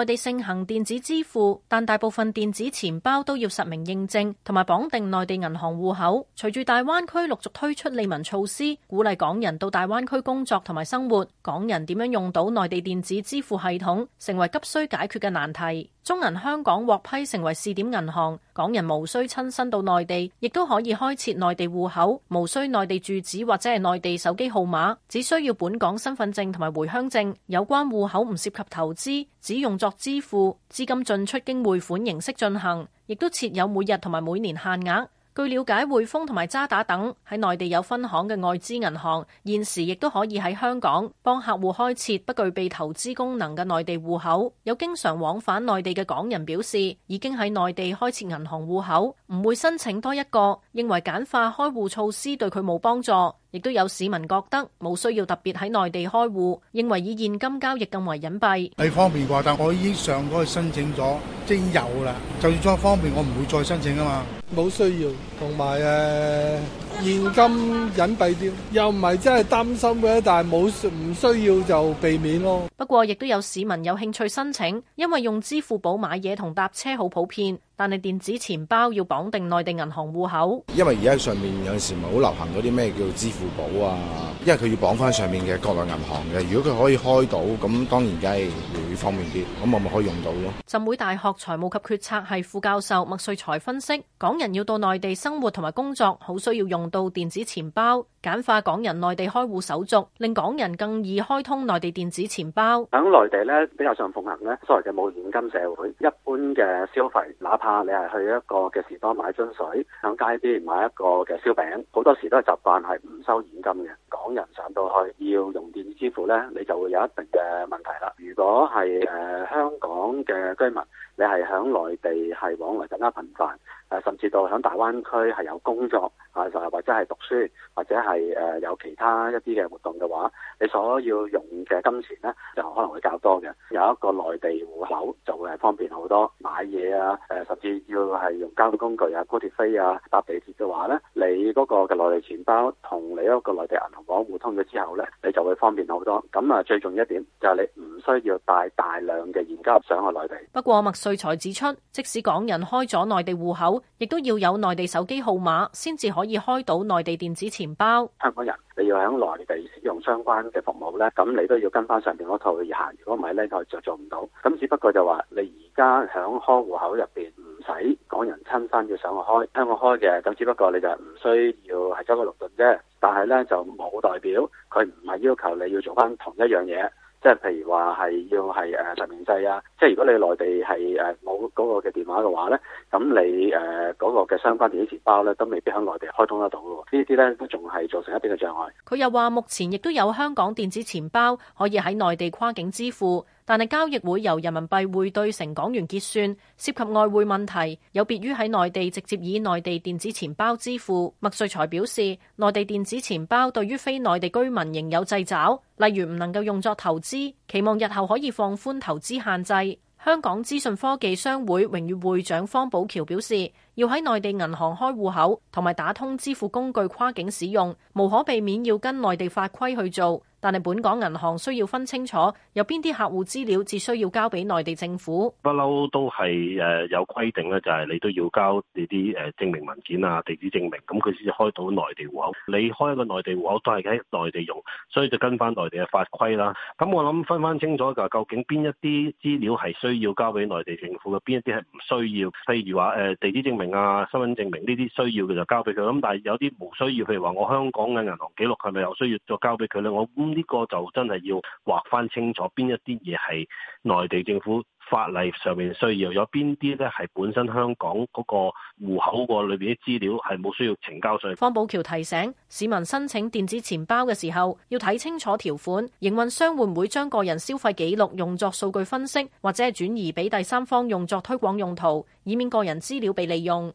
內地盛行電子支付，但大部分電子錢包都要實名認證，同埋綁定內地銀行戶口。隨住大灣區陸續推出利民措施，鼓勵港人到大灣區工作同埋生活，港人點樣用到內地電子支付系統，成為急需解決嘅難題。中銀香港獲批成為試點銀行。港人無需親身到內地，亦都可以開設內地戶口，無需內地住址或者係內地手機號碼，只需要本港身份證同埋回鄉證。有關戶口唔涉及投資，只用作支付資金進出，經匯款形式進行，亦都設有每日同埋每年限額。據了解，匯豐同埋渣打等喺內地有分行嘅外資銀行，現時亦都可以喺香港幫客戶開設不具備投資功能嘅內地戶口。有經常往返內地嘅港人表示，已經喺內地開設銀行戶口，唔會申請多一個，認為簡化開戶措施對佢冇幫助。亦都有市民覺得冇需要特別喺內地開戶，認為以現金交易更為隱蔽。係方便啩，但我已經上嗰去申請咗即有啦。就算再方便，我唔會再申請啊嘛。冇需要同埋誒。現金隱蔽啲，又唔係真係擔心嘅，但係冇唔需要就避免咯。不過亦都有市民有興趣申請，因為用支付寶買嘢同搭車好普遍，但係電子錢包要綁定內地銀行戶口。因為而家喺上面有陣時咪好流行嗰啲咩叫支付寶啊，因為佢要綁返上面嘅國內銀行嘅。如果佢可以開到，咁當然梗係會方便啲。咁我咪可以用到咯。浸會大學財務及決策系副教授麥萃才分析，港人要到內地生活同埋工作，好需要用。到電子錢包，簡化港人內地開戶手續，令港人更易開通內地電子錢包。響內地咧比較上奉行咧，所謂嘅冇現金社會，一般嘅消費，哪怕你係去一個嘅士多買樽水，響街邊買一個嘅燒餅，好多時都係習慣係唔收現金嘅。港人上到去要用電子支付咧，你就會有一定嘅問題啦。如果係誒香港嘅居民，你係響內地係往來更加頻繁。誒，甚至到響大灣區，係有工作啊，就係或者係讀書，或者係誒有其他一啲嘅活動嘅話，你所要用嘅金錢咧，就可能會較多嘅。有一個內地戶口就會係方便好多，買嘢啊，誒甚至要係用交通工具啊，高鐵飛啊，搭地鐵嘅話咧，你嗰個嘅內地錢包同你一個內地銀行綁互通咗之後咧，你就會方便好多。咁啊，最重要一點就係你唔需要帶大量嘅現金入上去內地。不過麥瑞才指出，即使港人開咗內地戶口，亦都要有內地手機號碼，先至可以開到內地電子錢包。香港人你要喺內地使用相關嘅服務咧，咁你都要跟翻上邊嗰套行，如果唔係咧，佢就做唔到。咁只不過就話你而家響開戶口入邊唔使港人親身要上去開香港開嘅，咁只不過你就唔需要係走個綠盾啫。但係咧就冇代表佢唔係要求你要做翻同一樣嘢。即係譬如話係要係誒實名制啊，即係如果你內地係誒冇嗰個嘅電話嘅話咧，咁你誒嗰個嘅相關電子錢包咧都未必喺內地開通得到嘅喎，呢啲咧都仲係造成一啲嘅障礙。佢又話，目前亦都有香港電子錢包可以喺內地跨境支付。但係交易會由人民幣匯兌成港元結算，涉及外匯問題，有別於喺內地直接以內地電子錢包支付。麥瑞才表示，內地電子錢包對於非內地居民仍有掣肘，例如唔能夠用作投資，期望日後可以放寬投資限制。香港資訊科技商會榮譽會長方寶橋表示，要喺內地銀行開戶口同埋打通支付工具跨境使用，無可避免要跟內地法規去做。但係本港銀行需要分清楚有邊啲客戶資料只需要交俾內地政府。不嬲都係誒有規定咧，就係你都要交你啲誒證明文件啊、地址證明，咁佢先至開到內地戶口。你開一個內地戶口都係喺內地用，所以就跟翻內地嘅法規啦。咁我諗分翻清楚，就究竟邊一啲資料係需要交俾內地政府嘅，邊一啲係唔需要。譬如話誒地址證明啊、身份證明呢啲需要嘅就交俾佢，咁但係有啲冇需要，譬如話我香港嘅銀行記錄係咪有需要再交俾佢咧？我呢個就真係要劃翻清楚，邊一啲嘢係內地政府法例上面需要，有邊啲咧係本身香港嗰個戶口個裏邊啲資料係冇需要呈交稅。方寶橋提醒市民申請電子錢包嘅時候要睇清楚條款，營運商會唔會將個人消費記錄用作數據分析，或者係轉移俾第三方用作推廣用途，以免個人資料被利用。